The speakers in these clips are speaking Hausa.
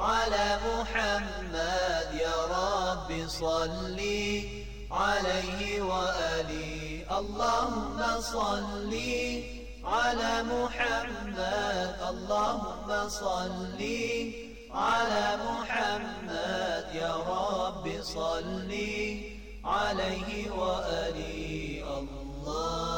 على محمد يا رب صلي عليه وآلي اللهم صلي على محمد اللهم صلي على محمد يا رب صلي عليه وآلي الله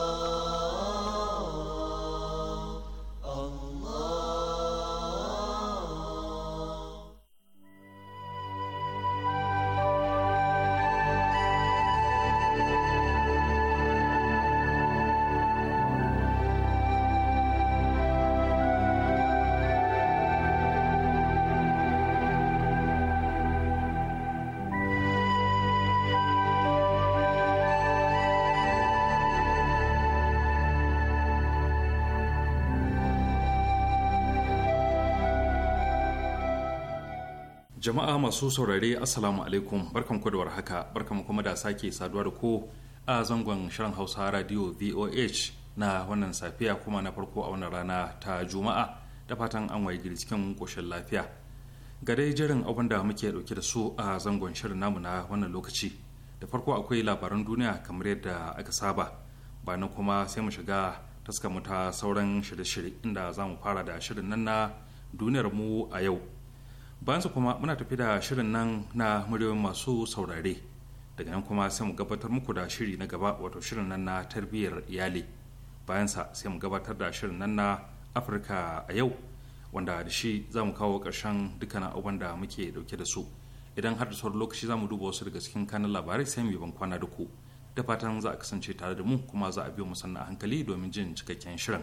jama'a masu saurare assalamu alaikum barkan ku haka warhaka barkan kuma da sake saduwa da ku a zangon shirin hausa radio voh na wannan safiya kuma na farko a wannan rana ta juma'a da fatan an waye gari cikin koshin lafiya ga dai jirin abin da muke dauke da su a zangon shirin namu na wannan lokaci da farko akwai labaran duniya kamar yadda aka saba ba na kuma sai mu shiga taskamu ta sauran shirye-shirye inda za mu fara da shirin nan na duniyar mu a yau bayan su kuma muna tafi da shirin nan na muryoyin masu saurare daga nan kuma sai mu gabatar muku da shiri na gaba wato shirin nan na tarbiyyar iyali bayansa sai mu gabatar da shirin nan na afirka a yau wanda da shi za mu kawo ƙarshen dukkan abubuwan da muke dauke da su idan har da sauran lokaci za mu duba wasu daga cikin kanun labarai sai mu yi ban kwana duku ku da fatan za a kasance tare da mu kuma za a biyo mu sannan a hankali domin jin cikakken shirin.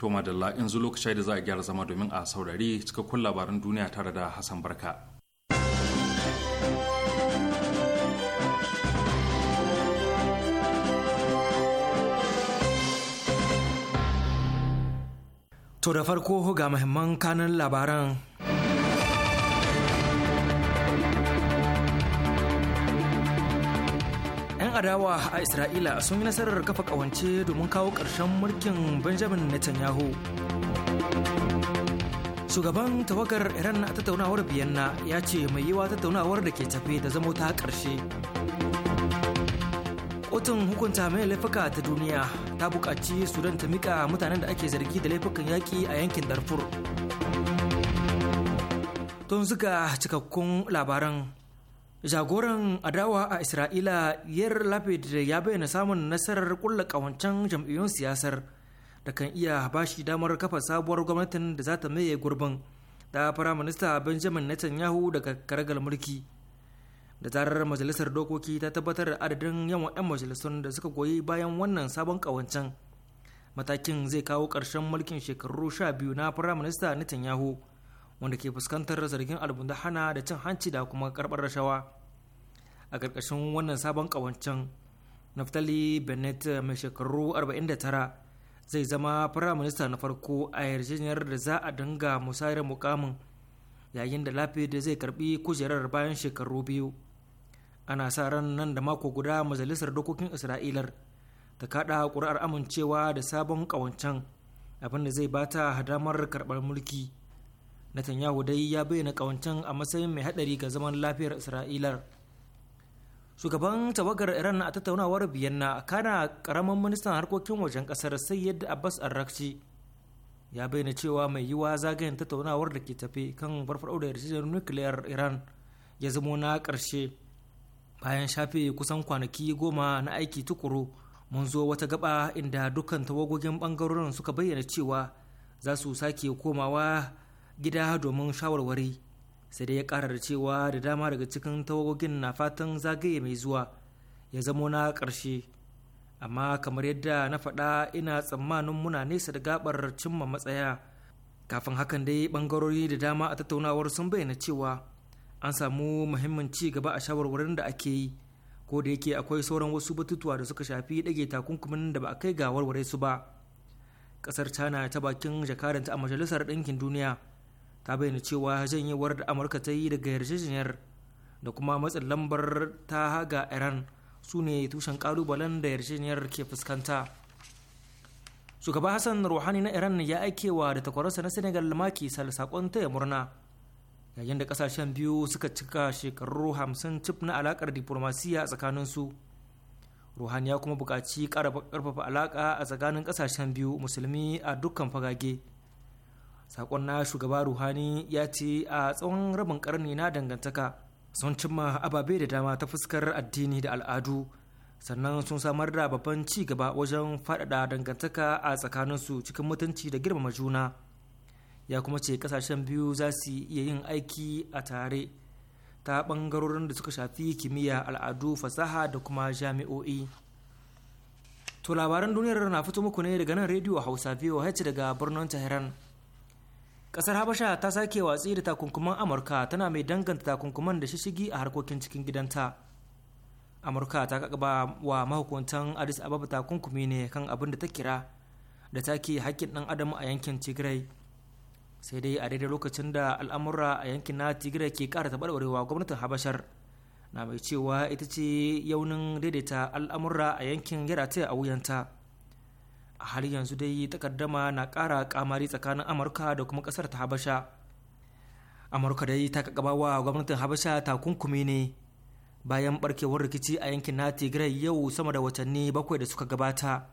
To madalla yanzu lokaci da za a gyara zama domin a saurari cikakkun labaran duniya tare da Hassan Barka. To da farko ga muhimman kanan labaran 'yan adawa a isra'ila sun yi nasarar kafa kawance domin kawo ƙarshen mulkin benjamin netanyahu shugaban tawagar iran na tattaunawar biyanna ya ce mai yiwa tattaunawar da ke tafe da zamo ta ƙarshe kotun hukunta mai laifuka ta duniya ta buƙaci sudan ta mika mutanen da ake zargi da laifukan yaƙi a yankin darfur Tun suka cikakkun labaran jagoran adawa a isra'ila yar lapid ya bayyana samun nasarar kulla kawancen jam'iyyun siyasar da kan iya bashi damar kafa sabuwar gwamnatin da za ta maye gurbin da firaminista benjamin netanyahu daga karagar mulki da zarar majalisar dokoki ta tabbatar da adadin yawan 'yan majalisun da suka goyi bayan wannan sabon kawancen matakin zai kawo ƙarshen mulkin shekaru sha biyu na firaminista netanyahu wanda ke fuskantar zargin albun da hana da cin hanci da kuma karbar rashawa a ƙarƙashin wannan sabon ƙawancen naftali bennett mai shekaru 49 zai zama firaminista na farko a yarjejeniyar da za a dinga musayar mukamin yayin da da zai karbi kujerar bayan shekaru biyu ana sa ran nan da mako guda majalisar dokokin isra'ilar ta kada ƙuri'ar amincewa da sabon ƙawancen abinda zai bata damar karɓar mulki Netanyahu dai ya bayyana kawancan a matsayin mai hadari ga zaman lafiyar Isra'ilar. Shugaban tawagar Iran a tattaunawar Vienna kana karamin ministan harkokin wajen kasar Sayyid Abbas Arrakci ya bayyana cewa mai yiwa zagayen tattaunawar da ke tafe kan farfaɗo da yarjejeniyar nukiliyar Iran ya zamo na ƙarshe bayan shafe kusan kwanaki goma na aiki tukuru mun zo wata gaba inda dukkan tawagogin bangarorin suka bayyana cewa za su sake komawa gida domin shawarwari sai dai ya kara da cewa da dama daga cikin tawagogin na fatan zagaye mai zuwa ya zamo na karshe amma kamar yadda na faɗa ina tsammanin muna nesa da gabar cimma matsaya kafin hakan dai ɓangarori da dama a tattaunawar sun bayyana cewa an samu muhimmin ci gaba a shawarwarin da ake yi ko da yake akwai sauran wasu batutuwa da suka shafi ɗage takunkumin da ba a kai ga warware su ba ƙasar china ta bakin jakaranta a majalisar ɗinkin duniya ta bayyana cewa janyewar da amurka ta yi daga yarjejeniyar da kuma matsin lambar ta haga iran su ne tushen kalubalen da yarjejeniyar ke fuskanta shugaba hassan ruhani na iran ya aikewa da takwararsa na senegal maki sal sakon taya murna yayin da kasashen biyu suka cika shekaru hamsin cif na alakar diplomasiya a tsakaninsu ruhani ya kuma buƙaci ƙarfafa alaƙa a tsakanin ƙasashen biyu musulmi a dukkan fagage sakon na shugaba ruhani ya ce a tsawon rabin karni na dangantaka sun cimma ababe da dama ta fuskar addini da al'adu sannan sun samar da babban ci gaba wajen faɗaɗa dangantaka a tsakaninsu cikin mutunci da girmama juna ya kuma ce kasashen biyu za su iya yin aiki a tare ta ɓangarorin da suka shafi kimiyya al'adu fasaha da kuma jami'o'i to labaran duniyar na fito muku ne daga nan rediyo hausa voh daga birnin tehran kasar habasha ta sake watsi da takunkuman amurka tana mai danganta takunkuman da shishigi a harkokin cikin gidanta amurka ta kaba wa mahukuntan addis ababa takunkumi ne kan abin da ta kira da take hakkin ɗan adam a yankin tigray sai dai a daidai lokacin da al'amura a yankin na tigray ke ƙara taɓarɓarewa gwamnatin habashar na mai cewa ita ce yaunin daidaita al'amura a yankin yarataya a wuyanta har yanzu dai takardama na kara kamari tsakanin amurka da kuma ƙasar ta habasha amurka dai ta kakaba wa gwamnatin habasha takunkumi ne bayan barkewar rikici a yankin na tigray yau sama da watanni bakwai da suka gabata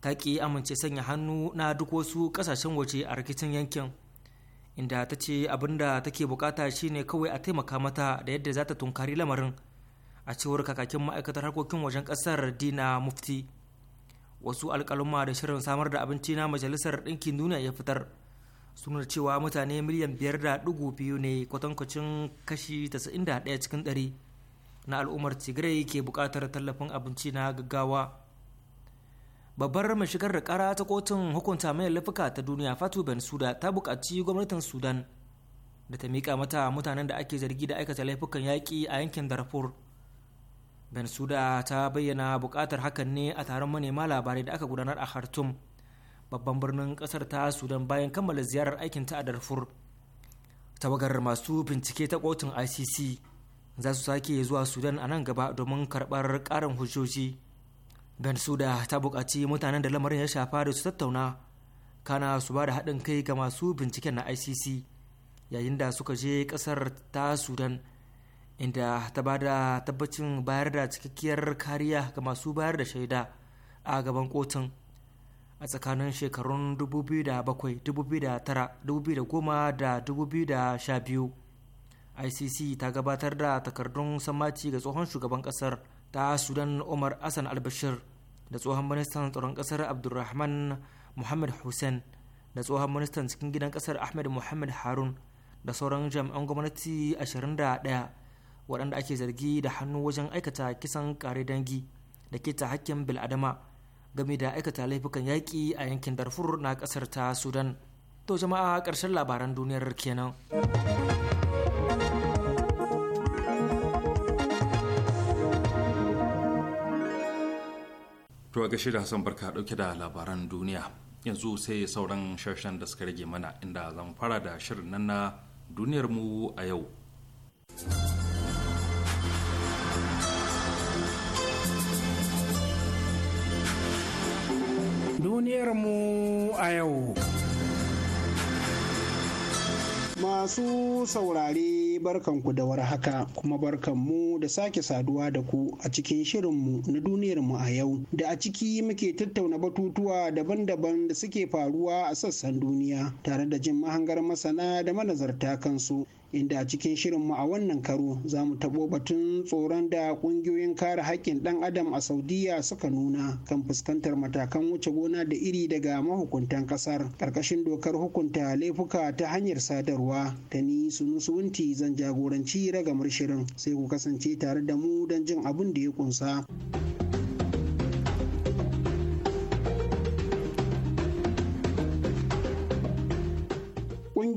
ta ƙi amince sanya hannu na duk wasu ƙasashen waje a rikicin yankin inda ta ce abin da take bukata shine kawai a taimaka mata da yadda za ta tunkari lamarin a cewar kakakin ma'aikatar harkokin wajen ƙasar dina mufti wasu alkaluma da shirin samar da abinci na majalisar ɗinkin duniya ya fitar suna cewa mutane miliyan biyar da ɗigo biyu ne kwatankwacin kashi ɗaya cikin ɗari na al'ummar tigray ke buƙatar tallafin abinci na gaggawa babbar mai shigar da ƙara ta kotun hukunta mai laifuka ta duniya fatu ben suda ta buƙaci gwamnatin sudan da ta miƙa mata mutanen da ake zargi da aikata laifukan yaƙi a yankin darfur bensuda ta bayyana bukatar hakan ne a taron manema labarai da aka gudanar a khartoum babban birnin kasar ta sudan bayan kammala ziyarar aikin ta a darfur tawagar masu bincike ta kotun icc za su sake zuwa sudan a nan gaba domin karbar ƙarin hujjoji bensuda ta bukaci mutanen da lamarin ya shafa da su tattauna kana su ba da haɗin kai ga masu binciken na icc yayin da suka je ƙasar ta sudan inda ta ba da tabbacin bayar da cikakkiyar kariya ga masu bayar da shaida a gaban kotun a tsakanin shekarun 2007 2010 2012 icc ta gabatar da takardun sammaci ga tsohon shugaban kasar ta sudan umar asan albashir da tsohon ministan tsaron kasar abdulrahman muhammad hussein da tsohon ministan cikin gidan kasar ahmed muhammad harun da sauran jami'an gwamnati 21 waɗanda ake zargi da hannu wajen aikata kisan kare dangi da ta hakkin bil'adama game da aikata laifukan yaƙi a yankin darfur na ƙasar ta sudan to jama'a ƙarshen labaran duniyar kenan to a gashi da hassan barka ɗauke da labaran duniya yanzu sai sauran sharshen da suka rage mana inda zan fara da shirin nan na duniyar mu a yau duniyarmu a yau. Masu saurare barkanku da warhaka kuma barkanmu da sake saduwa da ku a cikin shirinmu na duniyarmu a yau da a ciki muke tattauna batutuwa daban-daban da suke faruwa a sassan duniya tare da jin mahangar masana da manazarta kansu inda a cikin shirin mu a wannan karo za mu taɓo batun tsoron da ƙungiyoyin kare haƙƙin ɗan adam a saudiya suka nuna kan fuskantar matakan wuce gona da iri daga mahukuntan ƙasar ƙarƙashin dokar hukunta laifuka ta hanyar sadarwa ta ni sunusunti zan jagoranci ragamar shirin sai ku kasance tare da mu don jin abin da ya ƙunsa.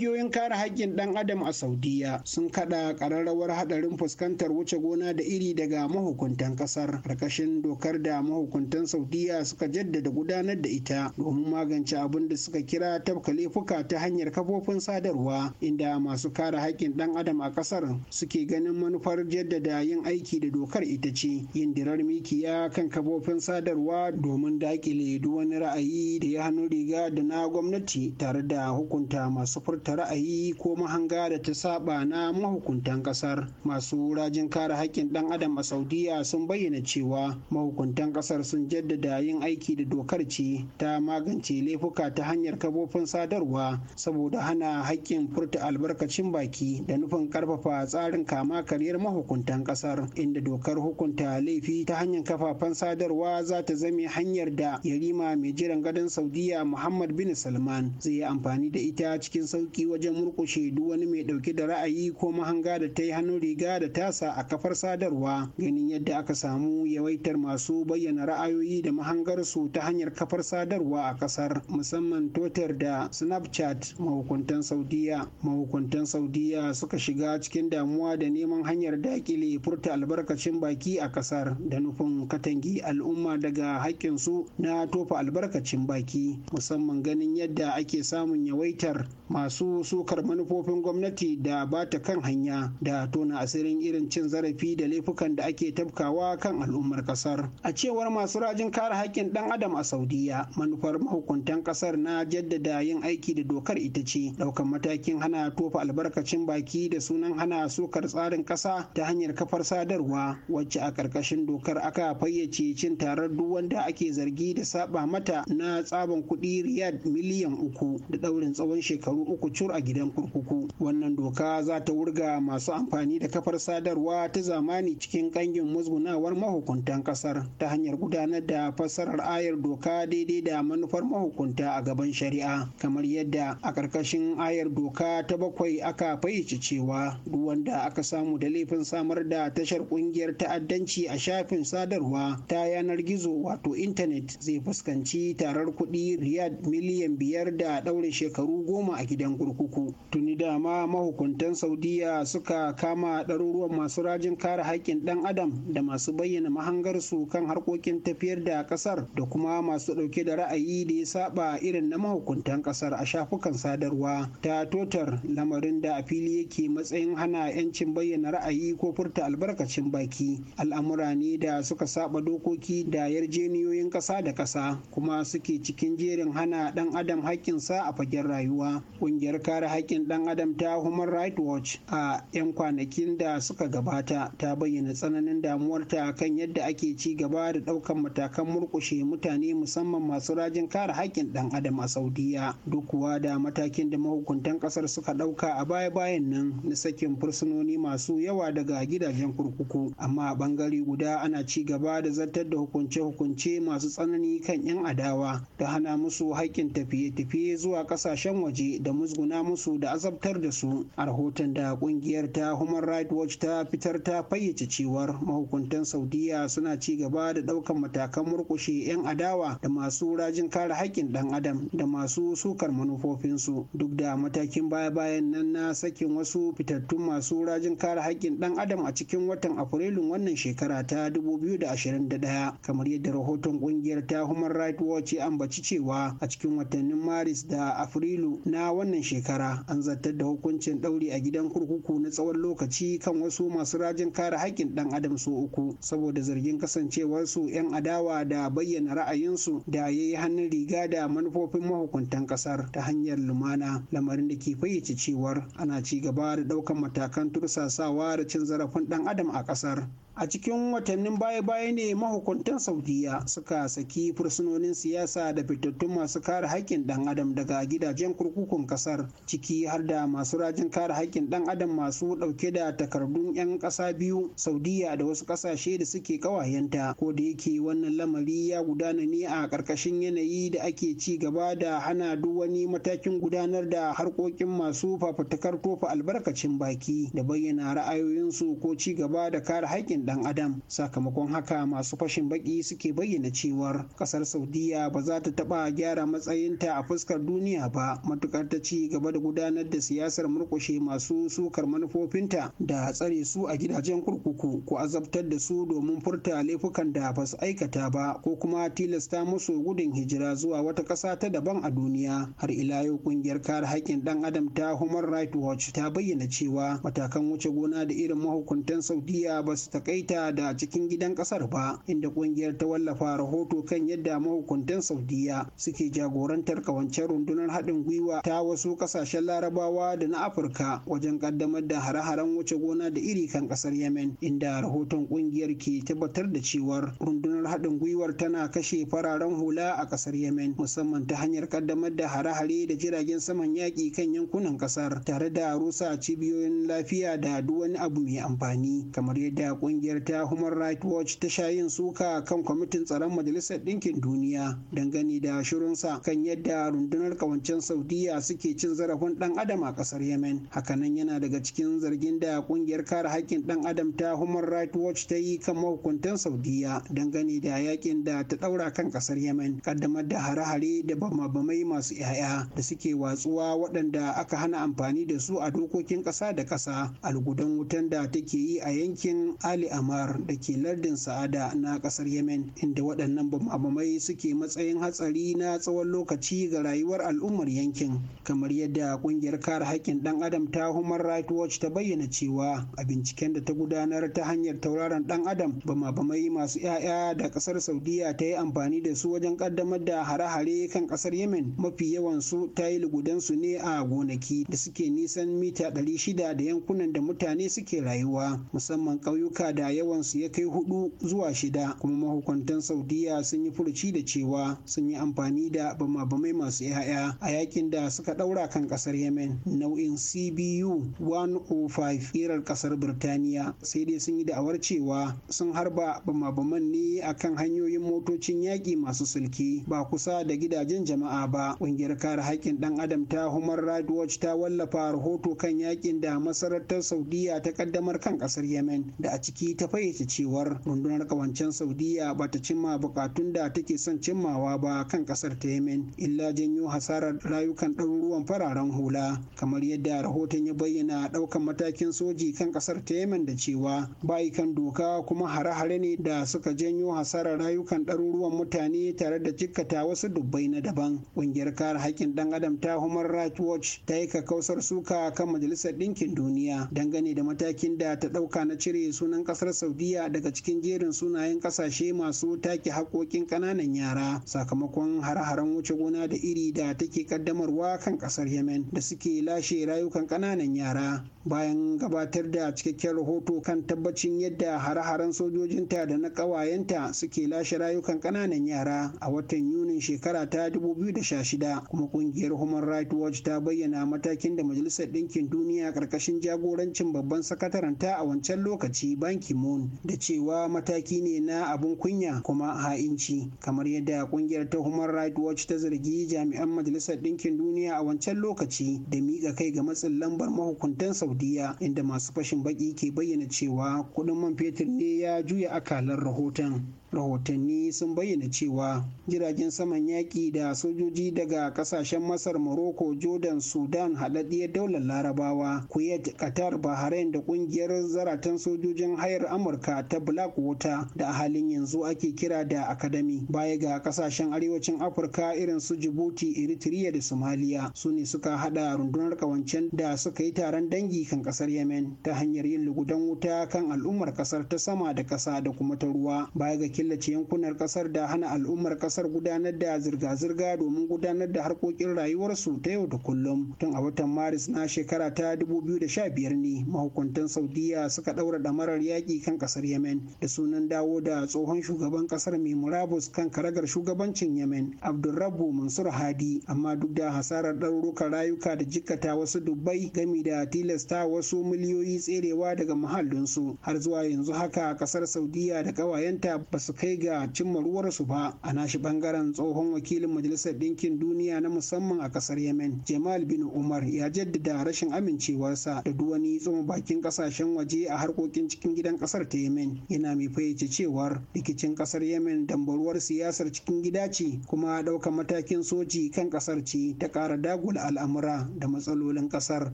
ƙungiyoyin kare haƙƙin ɗan adam a saudiya sun kaɗa ƙararrawar haɗarin fuskantar wuce gona da iri daga mahukuntan ƙasar ƙarƙashin dokar da mahukuntan saudiya suka jaddada gudanar da ita domin magance abin da suka kira tafka laifuka ta hanyar kafofin sadarwa inda masu kare haƙƙin ɗan adam a ƙasar suke ganin manufar jaddada yin aiki da dokar ita ce yin dirar mikiya kan kafofin sadarwa domin daƙile duk wani ra'ayi da ya hannu riga da na gwamnati tare da hukunta masu furta ra'ayi ko mahanga da ta saba na mahukuntan kasar masu rajin kare haƙƙin ɗan adam a saudiya sun bayyana cewa mahukuntan kasar sun jaddada yin aiki da dokar ce ta magance laifuka ta hanyar kafofin sadarwa saboda hana haƙƙin furta albarkacin baki da nufin ƙarfafa tsarin kama karyar mahukuntan kasar inda dokar hukunta laifi ta hanyar kafafen sadarwa za ta zame hanyar da yarima mai jiran gadon saudiya muhammad bin salman zai yi amfani da ita cikin sauki wajen murkushe duk wani mai ɗauke da ra'ayi ko mahanga da ta yi hannun riga da tasa a kafar sadarwa ganin yadda aka samu yawaitar masu bayyana ra'ayoyi da mahangarsu ta hanyar kafar sadarwa a kasar. musamman totar da snapchat mahukuntan saudiya mahukuntan saudiya suka shiga cikin damuwa da neman hanyar dakile furta albarkacin baki a kasar da nufin katangi al'umma daga haƙƙinsu na tofa albarkacin baki musamman ganin yadda ake samun yawaitar masu sukar manufofin gwamnati da ba ta kan hanya da tona asirin irin cin zarafi da laifukan da ake tafkawa kan al'ummar kasar a cewar masu rajin kare haƙƙin ɗan adam a saudiya manufar mahukuntan kasar na jaddada yin aiki da dokar ita ce ɗaukar matakin hana tofa albarkacin baki da sunan hana sukar tsarin ƙasa ta hanyar kafar sadarwa wacce a ƙarƙashin dokar aka fayyace cin tarar duk wanda ake zargi da saba mata na tsaban kuɗi riyad miliyan uku da ɗaurin tsawon shekaru uku cur a gidan kurkuku wannan doka za ta wurga masu amfani da kafar sadarwa ta zamani cikin kangin musgunawar mahukuntan kasar ta hanyar gudanar da fassarar ayar doka daidai da manufar mahukunta a gaban shari'a kamar yadda a ƙarƙashin ayar doka ta bakwai aka fayyace cewa duk wanda aka samu da laifin samar da tashar ƙungiyar ta'addanci a shafin sadarwa ta yanar gizo wato intanet zai fuskanci tarar kuɗi riyad miliyan biyar da ɗaurin shekaru goma a gidan kurkuku tuni dama mahukuntan saudiya suka kama ɗaruruwan masu rajin kare haƙƙin ɗan adam da masu bayyana mahangarsu kan harkokin tafiyar da ƙasar da kuma masu ɗauke da ra'ayi da ya saba irin na mahukuntan ƙasar a shafukan sadarwa ta totar lamarin da a fili yake matsayin hana 'yancin bayyana ra'ayi ko furta albarkacin baki al'amura ne da suka saba dokoki da yarjeniyoyin ƙasa da ƙasa kuma suke cikin jerin hana ɗan adam haƙƙinsa a fagen rayuwa ƙungiyar ƙungiyar kare haƙƙin ɗan adam ta human rights watch a 'yan kwanakin da suka gabata ta bayyana tsananin damuwarta kan yadda ake ci gaba da ɗaukan matakan murƙushe mutane musamman masu rajin kare haƙƙin ɗan adam a saudiya duk kuwa da matakin da mahukuntan ƙasar suka ɗauka a baya-bayan nan na sakin fursunoni masu yawa daga gidajen kurkuku amma a ɓangare guda ana ci gaba da zartar da hukunce-hukunce masu tsanani kan 'yan adawa da hana musu haƙƙin tafiye-tafiye zuwa ƙasashen waje da musgun musguna musu da azabtar da su a rahoton da kungiyar ta human rights watch ta fitar ta fayyace cewar mahukuntan saudiya suna ci gaba da daukan matakan murkushe 'yan adawa da masu rajin kare haƙƙin ɗan adam da masu sukar manufofinsu duk da matakin baya-bayan nan na sakin wasu fitattun masu rajin kare haƙƙin ɗan adam a cikin watan afrilun wannan shekara ta 2021 kamar yadda rahoton kungiyar ta human rights watch ya ambaci cewa a cikin watannin maris da afrilu na wannan shekara shekara an zartar da hukuncin ɗauri a gidan kurkuku na tsawon lokaci kan wasu masu rajin kare haƙƙin ɗan adam su uku saboda zargin kasancewarsu 'yan adawa da bayyana ra'ayinsu da ya yi hannun riga da manufofin mahukuntan ƙasar ta hanyar lumana lamarin da ke fayyace cewar ana ci gaba da ɗaukan matakan tursasawa da cin zarafin ɗan adam a ƙasar a cikin watannin baya-baya ne mahukuntan saudiya suka saki fursunonin siyasa da fitattun masu kare haƙƙin ɗan adam daga gidajen kurkukun ƙasar. ciki har da masu rajin kare haƙƙin ɗan adam masu ɗauke da takardun 'yan ƙasa biyu saudiya da wasu ƙasashe da suke ƙawayenta ko da yake wannan lamari ya gudana ne a ƙarƙashin yanayi da ake ci gaba da hana duk wani matakin gudanar da harkokin masu fafutukar tofa albarkacin baki da bayyana ra'ayoyinsu ko ci gaba da kare haƙƙin dan adam sakamakon haka masu fashin baki suke bayyana cewar ƙasar saudiya ba za ta taɓa gyara matsayinta a fuskar duniya ba matukar ta ci gaba da gudanar da siyasar murkushe masu sukar manufofinta da tsare su a gidajen kurkuku ko azabtar da su domin furta laifukan da ba su aikata ba ko kuma tilasta musu gudun hijira zuwa wata ƙasa ta daban a duniya har ila yau ƙungiyar kare haƙƙin ɗan adam ta human rights watch ta bayyana cewa matakan wuce gona da irin mahukuntan saudiya ba su taƙai takaita da cikin gidan kasar ba inda kungiyar ta wallafa rahoto kan yadda mahukuntan saudiya suke jagorantar kawancen rundunar haɗin gwiwa ta wasu ƙasashen larabawa da na afirka wajen ƙaddamar da hare-haren wuce gona da iri kan ƙasar yemen inda rahoton ƙungiyar ke tabbatar da cewar rundunar haɗin gwiwar tana kashe fararen hula a ƙasar yemen musamman ta hanyar ƙaddamar da hare-hare da jiragen saman yaƙi kan yankunan ƙasar, tare da rusa cibiyoyin lafiya da duk wani abu mai amfani kamar yadda kungiyar kungiyar ta human rights watch ta sha yin suka kan kwamitin tsaron majalisar ɗinkin duniya dangane da shirinsa kan yadda rundunar kawancen saudiya suke cin zarafin ɗan adam a ƙasar yemen hakanan yana daga cikin zargin da kungiyar kare haƙƙin ɗan adam ta human rights watch ta yi kan mahukuntan saudiya dangane da yakin da ta ɗaura kan ƙasar yemen kaddamar da hare-hare da bama-bamai masu 'ya'ya da suke watsuwa waɗanda aka hana amfani da su a dokokin ƙasa da ƙasa algudan wutan da take yi a yankin ali amar da ke lardin sa'ada na kasar yemen inda waɗannan bamabamai suke matsayin hatsari na tsawon lokaci ga rayuwar al'ummar yankin kamar yadda ƙungiyar kare haƙƙin ɗan adam ta human rights watch ta bayyana cewa a binciken da ta gudanar ta hanyar tauraron ɗan adam bamabamai masu 'ya'ya da ƙasar saudiya ta yi amfani da su wajen ƙaddamar da hare-hare kan ƙasar yemen mafi yawan su ta yi lugudansu ne a gonaki da suke nisan mita 600 da yankunan da mutane suke rayuwa musamman ƙauyuka da da yawansu ya kai hudu zuwa shida kuma mahukuntan saudiya sun yi furuci da cewa sun yi amfani da bama-bamai masu yaya a yakin da suka daura kan kasar yemen nau'in cbu 105 kirar kasar birtaniya sai dai sun yi da'awar cewa sun harba bama-baman ne akan hanyoyin motocin yaki masu sulki ba kusa da gidajen jama'a ba ƙungiyar kare haƙƙin dan adam ta human rights watch ta wallafa rahoto kan yakin da masarautar saudiya ta kaddamar kan kasar yemen da a ciki ciki ta fayyace cewar rundunar kawancen saudiya ba ta cimma bukatun da take son cimmawa ba kan kasar ta yemen illa janyo hasarar rayukan ɗaruruwan fararen hula kamar yadda rahoton ya bayyana ɗaukan matakin soji kan kasar ta yemen da cewa bayi kan doka kuma hare-hare ne da suka janyo hasarar rayukan ɗaruruwan mutane tare da jikkata wasu dubbai na daban ƙungiyar kare haƙƙin ɗan adam ta human rights watch ta yi kakkausar suka kan majalisar ɗinkin duniya dangane da matakin da ta ɗauka na cire sunan ƙasar kasar saudiya daga cikin jerin sunayen kasashe masu take haƙoƙin ƙananan yara sakamakon hare-haren wuce gona da iri da take kaddamarwa kan ƙasar yemen da suke lashe rayukan ƙananan yara bayan gabatar da cikakken rahoto kan tabbacin yadda hare-haren sojojinta da na ƙawayenta suke lashe rayukan ƙananan yara a watan yunin shekara ta 2016 kuma ƙungiyar human rights watch ta bayyana matakin da majalisar ɗinkin duniya ƙarƙashin jagorancin babban sakataranta a wancan lokaci ban moon da cewa mataki ne na abin kunya kuma ha'inci kamar yadda ƙungiyar ta human rights watch ta zargi jami'an majalisar ɗinkin duniya a wancan lokaci da miƙa kai ga matsin lambar mahukuntan sau saudiya inda masu fashin baki ke bayyana cewa kudin man fetur ne ya juya akalar rahoton rahotanni sun bayyana cewa jiragen saman yaƙi da sojoji daga ƙasashen masar morocco jordan sudan haɗaɗɗiyar daular larabawa kuwait qatar bahrain da ƙungiyar zaratan sojojin hayar amurka ta black blackwater da a halin yanzu ake kira da academy baya ga ƙasashen arewacin afirka irin su djibouti eritrea da somalia su ne suka haɗa rundunar ƙawancen da suka yi taron dangi kan ƙasar yemen ta hanyar yin lugudan wuta kan al'ummar ƙasar ta sama da ƙasa da kuma ta ruwa baya ga killace yankunan kasar da hana al'ummar kasar gudanar da zirga-zirga domin gudanar da harkokin rayuwarsu ta yau da kullum tun a watan maris na shekara ta 2015 ne mahukuntan saudiya suka ɗaura ɗamarar yaƙi kan kasar yemen da sunan dawo da tsohon shugaban kasar mai murabus kan karagar shugabancin yemen abdulrabu mansur hadi amma duk da hasarar ɗarurukan rayuka da jikkata wasu dubbai gami da tilasta wasu miliyoyi tserewa daga muhallinsu har zuwa yanzu haka kasar saudiya da ƙawayenta ba su kai ga cimma su ba a nashi bangaren tsohon wakilin majalisar ɗinkin duniya na musamman a ƙasar yemen jamal bin umar ya jaddada rashin amincewarsa da duwani tsoma bakin ƙasashen waje a harkokin cikin gidan ƙasar ta yemen yana mai fayyace cewar rikicin ƙasar yemen dambaruwar siyasar cikin gida ce kuma ɗaukar matakin soji kan ƙasar ce ta ƙara dagula al'amura da matsalolin ƙasar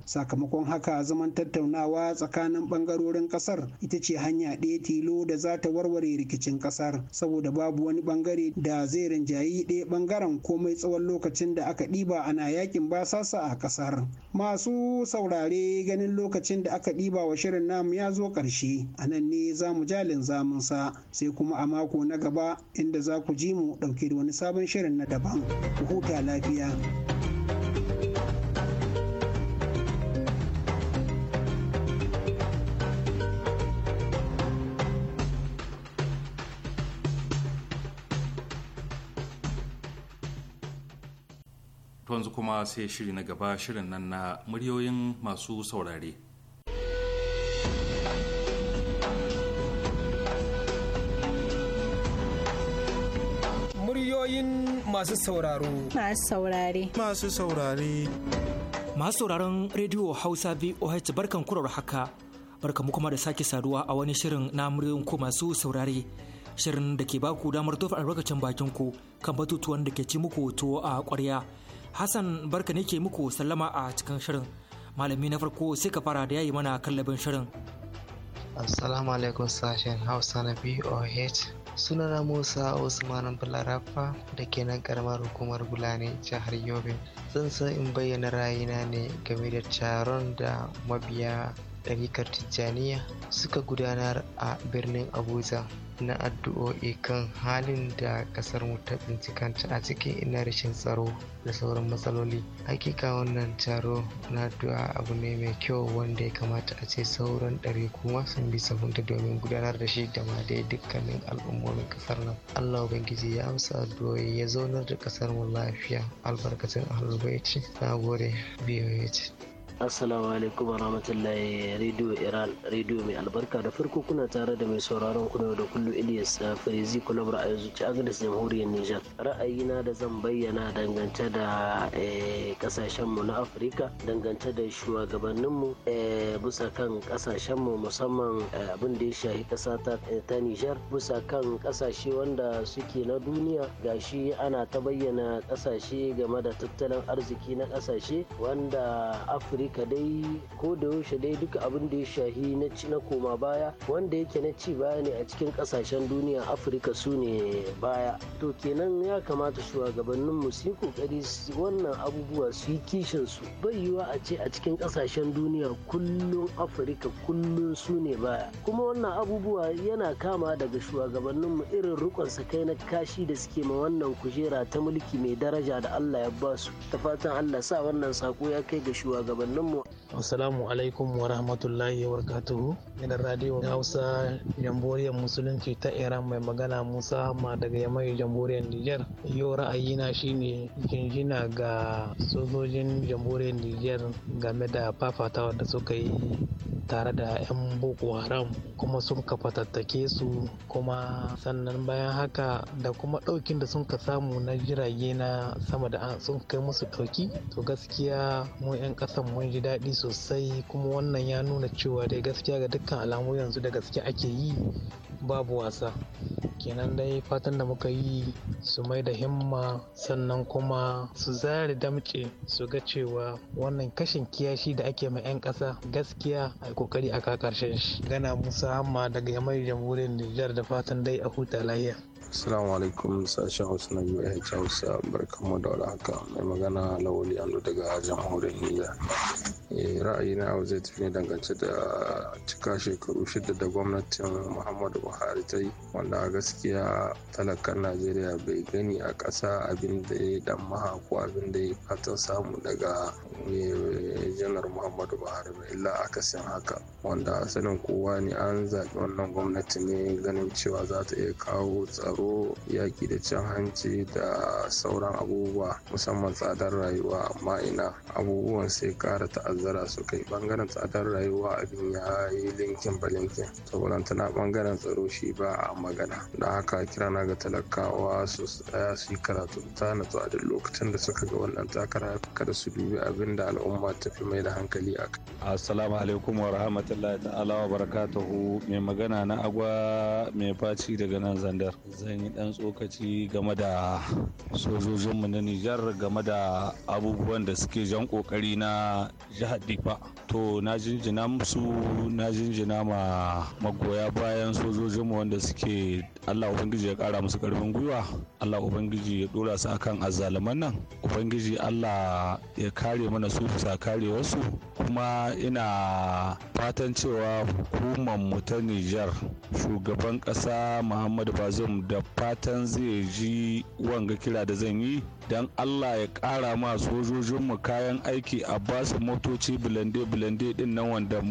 sakamakon haka zaman tattaunawa tsakanin ɓangarorin ƙasar ita ce hanya ɗaya tilo da za ta warware rikicin ƙasar kasar saboda babu wani bangare da zai rinjayi ɗaya bangaren komai tsawon lokacin da aka ɗiba ana yakin basasa a kasar masu saurare ganin lokacin da aka ɗiba wa shirin namu ya zo ƙarshe a nan ne za mu jalin zamunsa sai kuma a mako na gaba inda za ku ji mu ɗauke da wani sabon shirin na daban ku huta lafiya. kuma sai shiri na gaba shirin nan na muryoyin masu saurare. Muryoyin masu sauraro. Masu saurare. Masu saurare. Masu sauraron rediyo Hausa VOH barkan kurar haka. Barka mu kuma da sake saduwa a wani shirin na muryoyin ku masu saurare. Shirin da ke baku damar tofa albarkacin bakin ku kan batutuwan da ke ci muku tuwo a kwarya. Hassan barka ne ke muku sallama a cikin shirin. Malami na farko sai ka fara da yayi mana kallabin shirin. Assalamu alaikum sashen Hausa na BOH. Sunana Musa Usman Bularafa da ke nan karamar hukumar Gulani, jihar Yobe. Zan so in bayyana rayina ne game da taron da mabiya ɗarikar Tijjaniya suka gudanar a birnin Abuja. na addu'o'i kan halin da kasar mu ta tsinci a cikin ina rashin tsaro da sauran matsaloli hakika wannan taro na addu'a abu ne mai kyau wanda ya kamata a ce sauran ɗari kuma sun bi sabunta domin gudanar da shi da ma dai dukkanin al'ummomin ƙasar nan allah ubangiji ya amsa addu'o'i ya zaunar da kasar mu lafiya albarkacin ahlul baiti na gode biyoyi assalamu alaikum wa radio iran radio mai albarka da farko kuna tare da mai sauraron kuna da kullu ilyas farizi kulabar a yanzu ci agnes jamhuriyar nijar ra'ayina da zan bayyana dangance da eh, kasashenmu na afirka dangance da shugabanninmu eh, bisa kan kasashenmu musamman eh, abin da ya shahi kasa ta nijar bisa kan kasashe wanda suke na duniya gashi ana ta bayyana kasashe game da tattalin arziki na kasashe wanda afirka kadai ko da yaushe dai duka abin da ya shahi na na koma baya wanda yake na ci baya ne a cikin kasashen duniya afirka su ne baya to kenan ya kamata shugabannin mu su yi kokari wannan abubuwa su yi kishin su bai yiwa a ce a cikin kasashen duniya kullum afirka kullum su ne baya kuma wannan abubuwa yana kama daga shugabannin mu irin rukon kai na kashi da suke ma wannan kujera ta mulki mai daraja da Allah ya ba su ta fatan Allah sa wannan sako ya kai ga shugabannin mu Assalamu alaikum wa rahmatullahi wa barakatuhu. ina radio Hausa Jamhuriyar Musulunci ta Iran mai magana Musa ma daga Yamai Jamhuriyar Nijar. Yau ra'ayina shine jinjina ga sojojin Jamhuriyar Nijar game da fafatawa da suka yi tare da 'yan boko haram kuma sun ka fatattake su kuma sannan bayan haka da kuma ɗaukin da sun ka samu na jirage na sama da sun kai musu ɗauki to gaskiya mu 'yan ƙasan mu mun ji daɗi sosai kuma wannan ya nuna cewa dai gaskiya ga dukkan alamu yanzu da gaske ake yi babu wasa kenan dai fatan da muka yi su mai da himma sannan kuma su zare damce su ga cewa wannan kashin kiyashi da ake mai 'yan ƙasa gaskiya a kokari a kakarshen shi gana musa hamma daga yamai jamhuriyar nijar da fatan dai a huta lahiya Assalamu alaikum sashen Hausa na UH Hausa barkamu da wadaka mai magana Lawali Ando daga jamhuriyar Ra'ayi eh, Ra'ayina yau zai tafi dangance da cika shekaru shida da gwamnatin Muhammadu Buhari ta yi wanda gaskiya talakan Najeriya bai gani a ƙasa abin da ya dan maha ko abin da ya fatan samu daga eh, janar Muhammadu Buhari ba illa akasin haka wanda sanin kowa ne an zaɓi wannan gwamnati ne ganin cewa za ta iya kawo tsaro tsaro yaƙi da cin hanci da sauran abubuwa musamman tsadar rayuwa amma ina abubuwan sai kara ta'azzara su kai bangaren tsadar rayuwa abin ya yi linkin ba linkin saboda tana bangaren tsaro shi ba a magana da haka kira na ga talakawa su tsaya su yi karatu ta natsu a duk lokacin da suka ga wannan takara kada su dubi abin da al'umma ta fi mai da hankali a kai. assalamu alaikum wa rahmatullahi ta'ala wa barakatuhu mai magana na agwa mai faci daga nan zandar. zan yi dan tsokaci game da sojojinmu na Nijar game da abubuwan da suke jan kokari na jihar Difa. To na jinjina musu na jinjina ma magoya bayan sojojinmu wanda suke Allah Ubangiji ya kara musu karfin gwiwa, Allah Ubangiji ya dora su akan azzaluman nan, Ubangiji Allah ya kare mana su sa kare wasu kuma ina fatan cewa hukumar mu ta Nijar shugaban ƙasa Muhammadu Bazum da fatan zai ji wanga kira da zan yi don allah ya kara ma sojojinmu kayan aiki a basu motoci bilande-bilande din nan wanda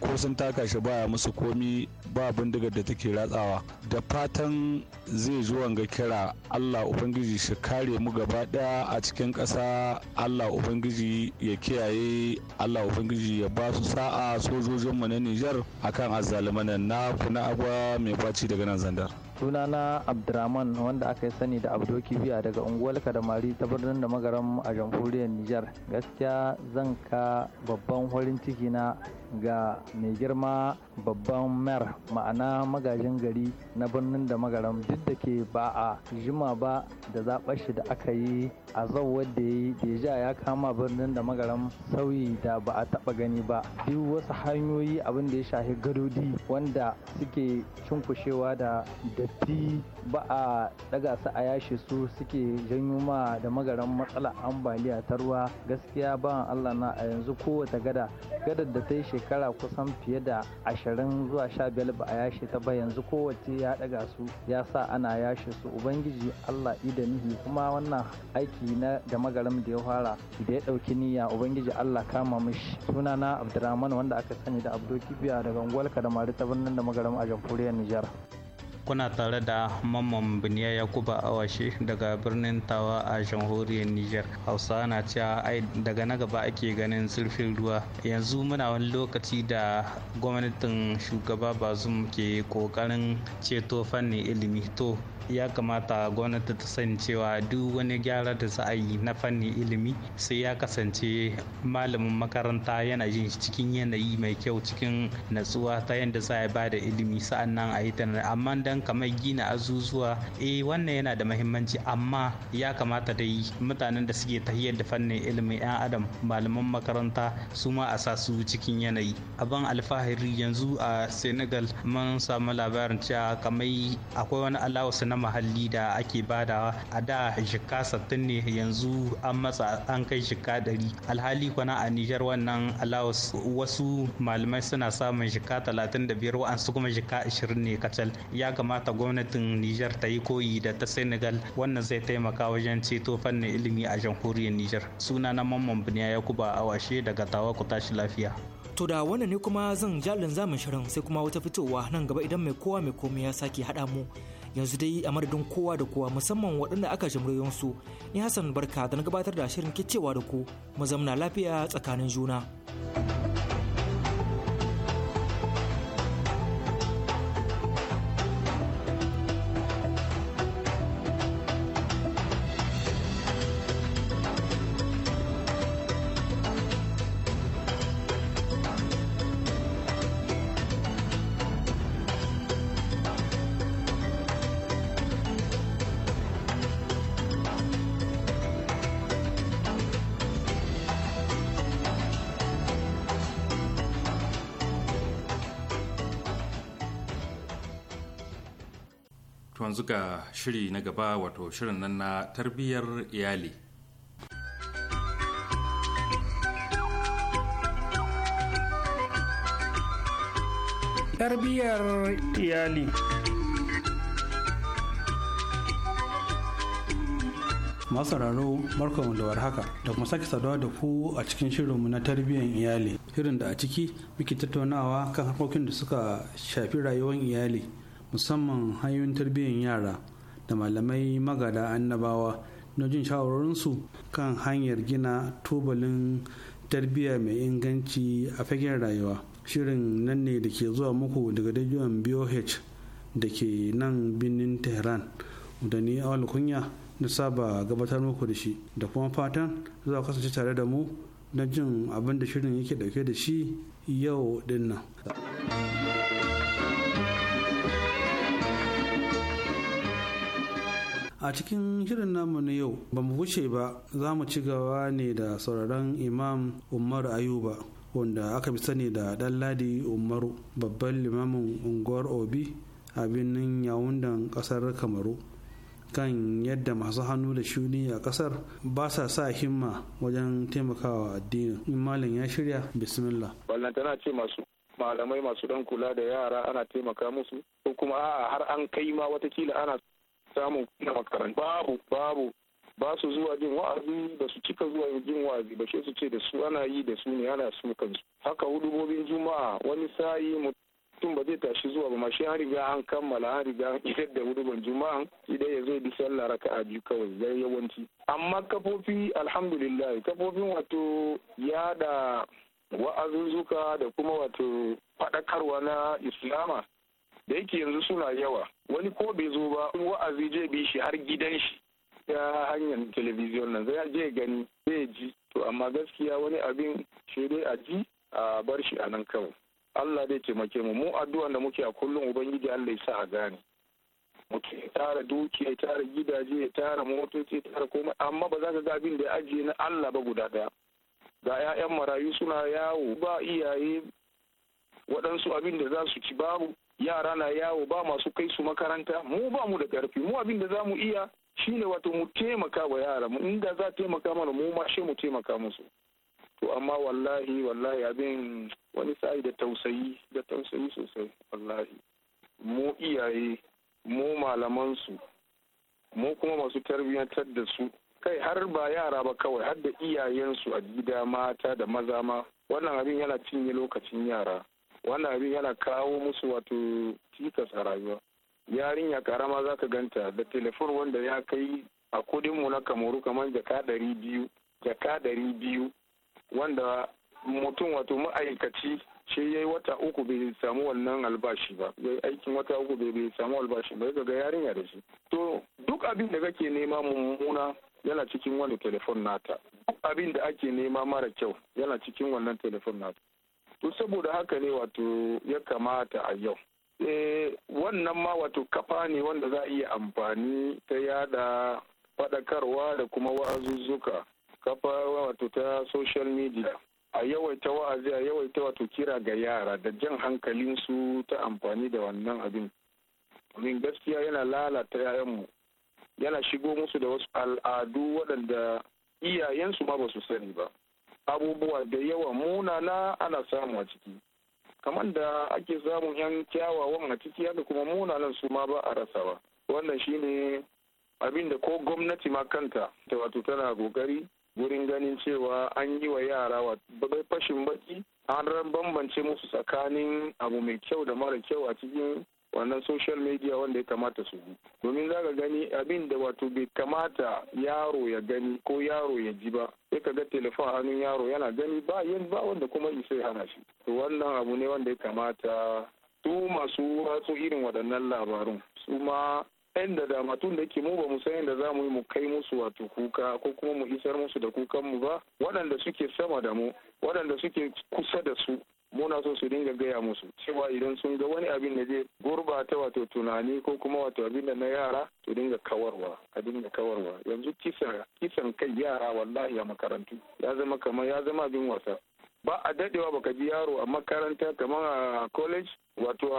ko sun taka shi baya musu komi ba bindigar da take ratsawa da fatan zai zo ga kira allah ubangiji shi kare mu gaba daya a cikin ƙasa allah ubangiji ya kiyaye allah ubangiji ya ba su sa'a sojojinmu na nijar akan nan na kuna agwa mai baci daga nan zandar sunana abdurrahman wanda aka yi sani da abdoki biya daga unguwar kadamari ta birnin da magaram a jamhuriyar nijar gaskiya zan ka babban farin ciki na ga mai girma babban mer ma'ana magajin gari na birnin da magaram duk da ke ba a jima ba da zaɓar shi da aka yi a zau wanda ya yi deja ya kama birnin da magaram sauyi da ba a taɓa gani ba duk wasu hanyoyi abin da ya shafi gadodi wanda suke cunkushewa da datti ba a daga su a yashe su suke janyo ma da magaran matsala ambaliya ta ruwa gaskiya ba Allah na a yanzu kowace gada gadar da ta yi shekara kusan fiye da ashirin zuwa sha biyar ba a yashe ta ba yanzu kowace ya daga su ya sa ana yashe su ubangiji Allah ida nihi kuma wannan aiki na da magaram da ya fara da ya dauki niyya ubangiji Allah kama mishi sunana Abdurrahman wanda aka sani da Abdul Kibiya daga Ungwal Kadamari ta birnin da magaram a jamhuriyar Nijar. kuna tare da mamman biniya yakuba awashe daga birnin tawa a jamhuriyar niger hausa na cewa ai daga na gaba ake ganin zurfin ruwa yanzu muna wani lokaci da gwamnatin shugaba ba bazum ke kokarin ceto fannin ilimi to ya kamata gwamnati ta sani cewa duk wani gyara da za a yi na fannin ilimi sai ya kasance malamin makaranta yana yin cikin yanayi mai kyau cikin natsuwa ta yadda za a ba da ilimi sa'annan a yi ta amma da don kamar gina azuzuwa eh wannan yana da mahimmanci amma ya kamata dai mutanen da suke tahiyar da fannin ilimin 'yan adam malaman makaranta su ma a sa su cikin yanayi abin alfahari yanzu a senegal mun samu labarin cewa kamar akwai wani alawasu na muhalli da ake badawa a da shika sattin ne yanzu an matsa an kai shika ɗari alhali kwana a nijar wannan alawas wasu malamai suna samun shika talatin da biyar wa'ansu kuma shika ashirin ne kacal ya kamata gwamnatin Nijar ta yi koyi da ta Senegal wannan zai taimaka wajen ceto fannin ilimi a jamhuriyar Nijar. Suna na Mamman Biniya Yakuba Awashe daga Tawa ku tashi lafiya. To da wannan ne kuma zan jalin zamun shirin sai kuma wata fitowa nan gaba idan mai kowa mai komai ya sake haɗa mu. Yanzu dai a madadin kowa da kowa musamman waɗanda aka su ni Hassan Barka da na gabatar da shirin kicewa da ku mu zamna lafiya tsakanin juna. ga shiri na gaba wato shirin nan na tarbiyyar iyali. Tarbiyyar iyali. masararo barkanmu da warhaka da kuma sake saduwa da ku a cikin shirinmu na tarbiyyar iyali shirin da a ciki muke tattaunawa kan harkokin da suka shafi rayuwar iyali musamman hanyoyin tarbiyyar yara da malamai magada annabawa na jin shawarorinsu kan hanyar gina tubalin tarbiyya mai inganci a fagen rayuwa shirin nan ne da ke zuwa muku daga dajiyon boh da ke nan birnin tehran da ni awal kunya na saba gabatar muku da shi da kuma fatan za kasance tare da mu na jin abin da shirin yake dauke da shi yau dinnan. a cikin shirin namu na yau ba mu wuce ba za mu ci gaba ne da sauraron imam umar ayuba wanda aka fi sani da dan ladi umaru babban limamin unguwar obi a birnin yawundan kasar kamaru kan yadda masu hannu da shuni a kasar ba sa sa himma wajen taimakawa addinin in malam ya shirya bismillah wannan tana ce masu malamai masu dan kula da yara ana taimaka musu ko kuma a'a har an kai ma watakila ana samun kuna makaranta. babu babu ba su zuwa jin wa'azi ba su cika zuwa jin wa'azi ba su ce da su ana yi da su ne ana su kansu haka hudubobin juma'a wani sa'i mutum ba zai tashi zuwa ba mashi an riga an kammala an riga an idar da huduban juma'a idan ya zo bi sallah raka a biyu kawai zai yawanci amma kafofi alhamdulillah kafofin wato yada zuka da kuma wato faɗakarwa na islama da yake yanzu suna yawa wani ko bai zo ba wa'azi zai bi shi har gidan shi ya hanyar telebijin nan zai je gani zai ji to amma gaskiya wani abin shi dai a ji a bar shi a nan kawai Allah zai taimake mu mu addua da muke a kullum ubangiji Allah ya sa a gane muke tara dukiya tara gidaje tara motoci tara komai amma ba za ka ga abin da ya ajiye na Allah ba guda daya ga 'ya'yan marayu suna yawo ba iyaye waɗansu abin da za su ci babu yara na yawo ba masu kai su makaranta mu ba mu da karfi mu abin da za mu iya shine wato mu taimaka wa yara mu inda za taimaka mana mu ma mu taimaka musu to amma wallahi wallahi abin wani sa'i da tausayi da tausayi sosai wallahi mu iyaye mu malaman su mu kuma masu tarbiyyantar da su kai har ba yara ba kawai har da iyayensu a gida mata da maza ma wannan abin yana cinye lokacin yara wannan abin yana kawo musu wato cikas a rayuwa yarinya karama za ka ganta da telefon wanda ya kai a kudinmu na kamaru kamar jaka dari biyu jaka dari biyu wanda mutum wato ma'aikaci shi ya yi wata uku bai samu wannan albashi ba ya yi aikin wata uku bai samu albashi ba ya ga yarinya da shi to duk abin da kake nema mummuna yana cikin wani telefon nata duk abin da ake nema mara kyau yana cikin wannan telefon nata to saboda haka ne wato ya kamata a yau e, wannan ma wato kafa ne wanda za a iya amfani ta yada faɗakarwa da kuma wa'azuzzuka kafa wato ta social media a yawaita wa'azi a yawaita wato kira ga yara da jan hankalinsu ta amfani da wannan abin domin gaskiya yana lalata 'ya'yanmu yana shigo musu da wasu al'adu waɗanda iyayensu ma ba su sani ba abubuwa da yawa munana ana samu a ciki kamar da ake samun yan kyawawan a ciki haka kuma munanan su ma ba a rasa ba wannan shine abin da ko gwamnati ma kanta ta wato tana kokari wurin ganin cewa an yi wa yara wa fashin baki an bambance musu tsakanin abu mai kyau da mara kyau a cikin wannan social media wanda ya kamata su bi domin za ka gani abin da wato bai kamata yaro ya gani ko yaro ya ji ba sai ka ga telefon hannun yaro yana gani ba yin ba wanda kuma isa ya hana shi to wannan abu ne wanda ya kamata su masu watsu irin waɗannan labarun su ma yan da dama tun da ke mu ba mu san yadda za mu yi mu kai musu wato kuka ko kuma mu isar musu da kukan mu ba waɗanda suke sama da mu waɗanda suke kusa da su muna so su dinga gaya musu cewa idan sun ga wani abin da zai gurbata wato tunani ko kuma wato abin da na yara su dinga kawarwa a dinga kawarwa yanzu kisan kisan kai yara wallahi a makarantu ya zama kamar ya zama abin wasa ba a dadewa baka ji yaro a makaranta kamar a college wato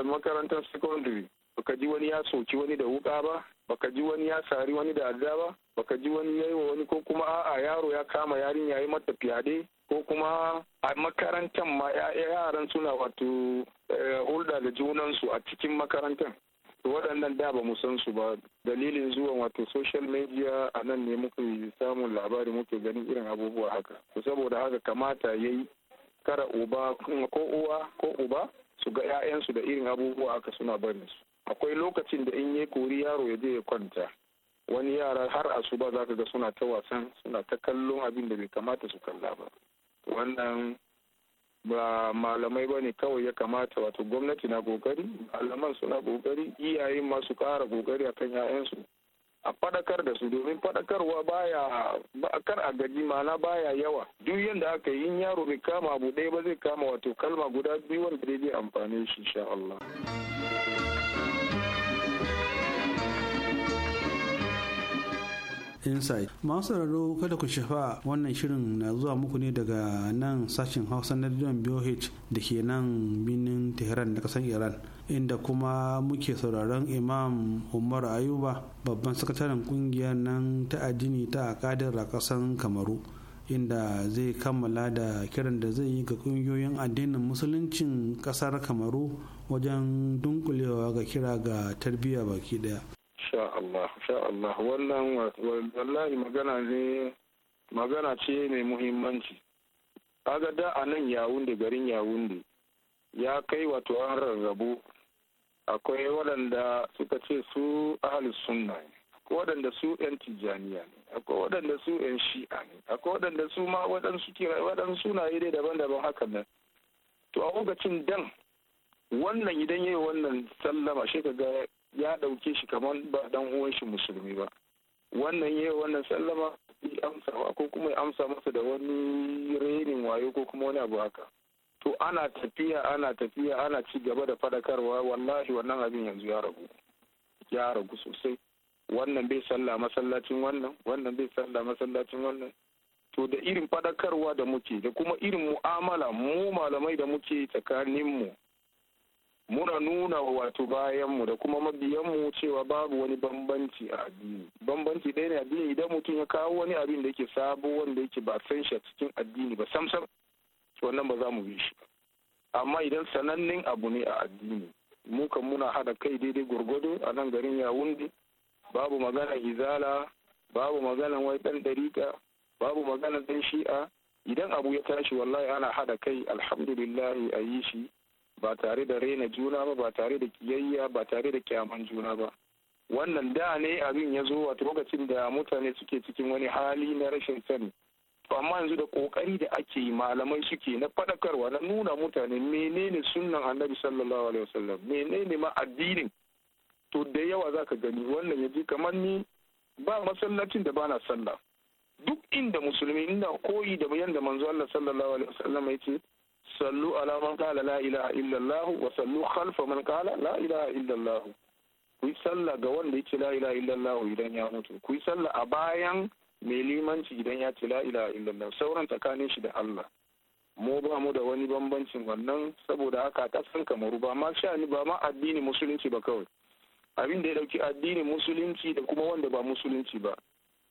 a makarantar secondary baka ji wani ya soki wani da wuka ba baka ji wani ya sari wani da adda ba baka ji wani yayi wa wani ko kuma a'a yaro ya kama yarinya yayi mata fyade ko kuma a makarantar ma yaran suna wato eh, hulɗa da junansu a cikin makarantar waɗannan da ba mu san su ba dalilin zuwan wato social media a nan ne muke samun labari muke ganin irin abubuwa haka ko saboda haka kamata yi kara uba ko uwa ko uba su ga 'ya'yansu da irin abubuwa haka suna barin su akwai lokacin da in ya kori yaro ya je ya kwanta wani yara har asuba za ka ga suna ta wasan suna ta kallon abin da bai kamata su kalla ba wannan ba malamai ba ne kawai ya kamata wato gwamnati na kokari malaman suna kokari iyaye masu kara kokari a kan 'ya'yansu a fadakar da su domin fadakarwa baya kar a gaji mana baya yawa duk yadda aka yi yaro bai kama abu ɗaya ba zai kama wato kalma guda biyu wanda zai amfani shi insha Allah. insight masu raro kada ku shafa wannan shirin na zuwa muku ne daga nan sashen hausa na Dijon boh da ke nan binin tehran na kasar iran inda kuma muke sauraron imam umar ayuba babban sakataren kungiyar nan ta addini ta kadar a kasan kamaru inda zai kammala da kiran da zai yi ga kungiyoyin addinin musuluncin kasar kamaru wajen dunkulewa ga kira ga tarbiyya baki daya sha Allah sha Allah wannan wallahi magana ne magana ce mai muhimmanci kaga da a nan yawunde garin yawunde ya kai wato an rarrabu akwai waɗanda suka ce su ahli sunna ne akwai waɗanda su yan tijaniya ne akwai waɗanda su yan shi'a ne akwai waɗanda su ma waɗansu kira waɗansu sunaye dai daban-daban haka nan to a lokacin dan wannan idan yayi wannan sallama shi ka ga ya ɗauke shi kamar ba dan uwan shi musulmi ba wannan yi wannan sallama amsa ko kuma ya amsa masa da wani renin wayo ko kuma wani abu haka to ana tafiya ana tafiya ana ci gaba da fadakarwa wallahi wannan abin yanzu ya ragu ya ragu sosai wannan bai sallah masallacin wannan wannan bai sallah masallacin wannan to da irin fadakarwa da muke da kuma irin mu'amala mu malamai da muke tsakaninmu muna nuna wa wato bayanmu da kuma mabiyanmu cewa babu wani bambanci a addini bambanci ɗaya ne addini idan mutum ya kawo wani abin da yake sabo wanda yake ba san shi a cikin addini ba samsam wannan ba za mu bi shi amma idan sanannen abu ne a addini mu kan muna hada kai daidai gurgudu a nan garin yawundi babu magana izala babu magana wai dan dariƙa babu magana dan shi'a idan abu ya tashi wallahi ana hada kai alhamdulillahi a yi shi ba tare da rena juna ba ba tare da kiyayya ba tare da kyaman juna ba wannan da ne abin ya zo wata lokacin da mutane suke cikin wani hali na rashin sani to amma yanzu da kokari da ake yi malamai suke na faɗakarwa na nuna mutane menene sunnan annabi sallallahu alaihi wasallam menene ma addinin to da yawa zaka gani wannan yaji kamar ni ba masallacin da bana sallah duk inda musulmi ina koyi da yanda manzo Allah sallallahu alaihi wasallam yace sallu ala man qala la ilaha illallah wa sallu khalfa man qala la ilaha illallah ku yi sallah ga wanda ya ce la ilaha illallah idan ya mutu ku yi sallah a bayan mai limanci idan ya ce la ilaha illallah sauran tsakanin shi da Allah mu ba mu da wani bambancin wannan saboda haka kasan kamaru ba ma sha'ani ba ma addini musulunci ba kawai abin da ya dauki addini musulunci da kuma wanda ba musulunci ba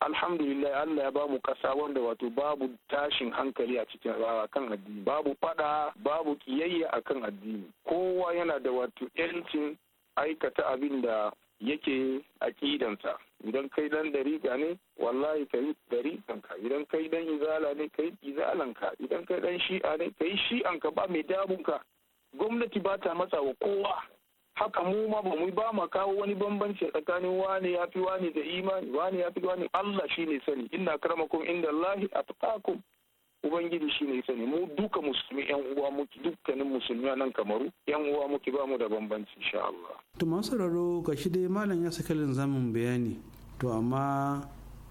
alhamdulillah Allah ya bamu kasa wanda wato babu tashin hankali a cikin rawa kan addini babu fada babu kiyayya kan addini kowa yana da wato yancin aikata abin da yake aƙidansa idan kai dan ga ne wallahi ka yi dariƙanka idan kai dan izala ne ka yi izalanka idan kai dan shi'a ne ka yi shi'anka ba mai damunka gwamnati ba ta matsa wa kowa haka mu ma ba mu ba ma kawo wani bambanci tsakanin wane ya fi wane da imani wane ya fi wane Allah shi ne sani inna karamakum inda Allahi atqakum ubangiji shi ne sani mu duka musulmi yan uwa muke dukkanin musulmi nan kamaru yan uwa muke ba mu da bambanci insha Allah to masu sauraro ga shi dai malam ya saka linzamin bayani to amma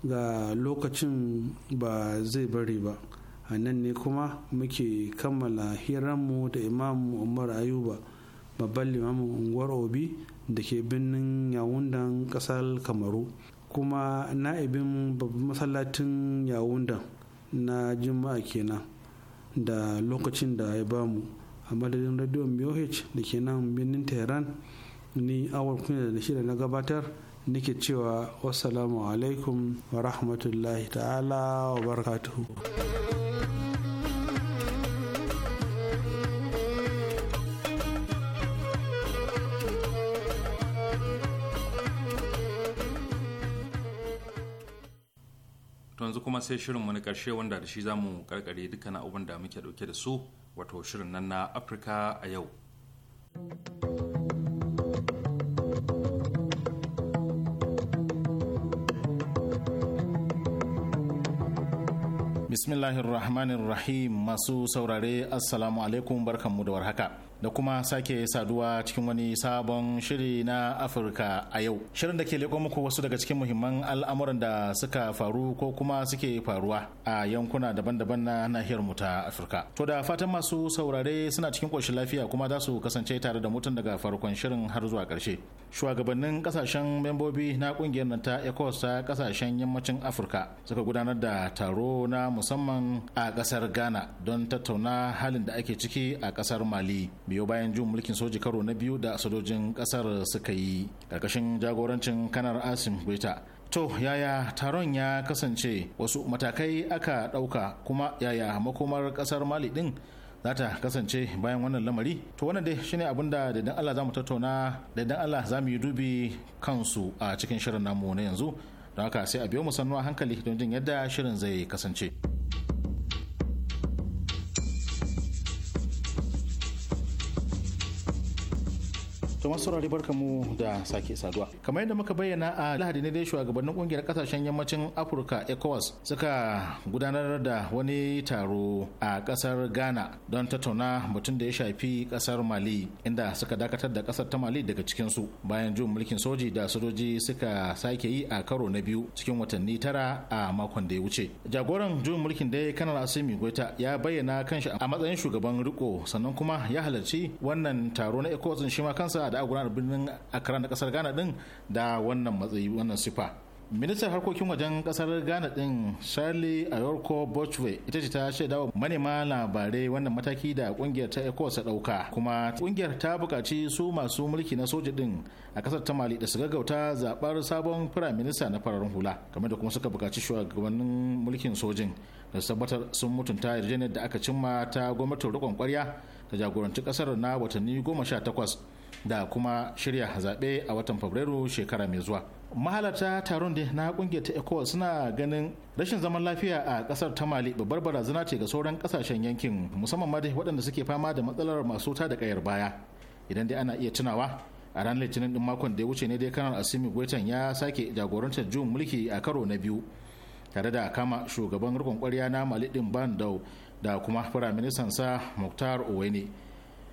ga lokacin ba zai bari ba a nan ne kuma muke kammala hiranmu da imamu umar ayuba babban limamin unguwar obi da ke birnin yawundan kasar kamaru kuma na'ibin babban masallacin yawundan na juma'a kenan da lokacin da ya bamu a madadin radio boh da ke nan birnin tehran ni awar kunya da shida na gabatar nake cewa wassalamu alaikum wa rahmatullahi ta'ala wa barakatuhu kuma sai shirinmu na karshe wanda da shi za mu karkare dukkan abin da muke dauke da su wato shirin nan na afirka a yau bismillahirrahmanirrahim masu saurare assalamu alaikum barkanmu da warhaka da kuma sake saduwa cikin wani sabon shiri na afirka a yau shirin da ke leƙo muku wasu daga cikin muhimman al'amuran da suka faru ko kuma suke faruwa a yankuna daban-daban na nahiyar mu ta afirka to da fatan masu saurare suna cikin ƙoshin lafiya kuma za su kasance tare da mutum daga farkon shirin har zuwa ƙarshe shugabannin kasashen membobi na ƙungiyar nan ta ecos ta kasashen yammacin afirka suka gudanar da taro na musamman a ƙasar ghana don tattauna halin da ake ciki a ƙasar mali biyo bayan jin mulkin soji karo na biyu da sojojin kasar suka yi karkashin jagorancin kanar asim guita to yaya taron ya kasance wasu matakai aka ɗauka kuma yaya makomar kasar mali din za ta kasance bayan wannan lamari to wannan dai shine abin da da Allah za mu tattauna daidan Allah za mu yi dubi kansu a cikin shirin namu na yanzu don haka sai a biyo mu sannu a hankali don jin yadda shirin zai kasance. To masu saurari barka mu da sake saduwa. Kamar yadda muka bayyana a Lahadi ne dai shugabannin kungiyar kasashen yammacin Afirka ECOWAS suka gudanar da wani taro a kasar Ghana don tattauna mutum da ya shafi kasar Mali inda suka dakatar da kasar ta Mali daga cikin su bayan jin mulkin soji da sojoji suka sake yi a karo na biyu cikin watanni tara a makon da ya wuce. Jagoran jin mulkin dai kanar Asimi Goita ya bayyana kanshi a matsayin shugaban riko sannan kuma ya halarci wannan taro na ECOWAS shi ma kansa da aka gudanar birnin Accra na kasar Ghana din da wannan matsayi wannan sifa ministan harkokin wajen kasar ghana din charlie ayorko bochwe ita ce ta shaida wa manema labarai wannan mataki da kungiyar ta ecowas dauka kuma kungiyar ta bukaci su masu mulki na soja din a kasar ta mali da su gaggauta zabar sabon firaminista na fararen hula kamar da kuma suka bukaci shugabannin mulkin sojin da su tabbatar sun mutunta yarjejeniyar da aka cimma ta gwamnatin rikon kwarya ta jagoranci kasar na watanni goma sha takwas da kuma shirya zaɓe a watan fabrairu shekara mai zuwa mahalarta taron da na kungiyar ta ecowas suna ganin rashin zaman lafiya a kasar ta mali babbar barazana ce ga sauran kasashen yankin musamman ma waɗanda suke fama da matsalar masu ta da kayar baya idan dai ana iya tunawa a ranar litinin din makon da ya wuce ne dai kanar asimi gwaitan ya sake jagorantar juyin mulki a karo na biyu tare da kama shugaban rikon kwarya na mali din bandau da kuma firaministan sa muktar owene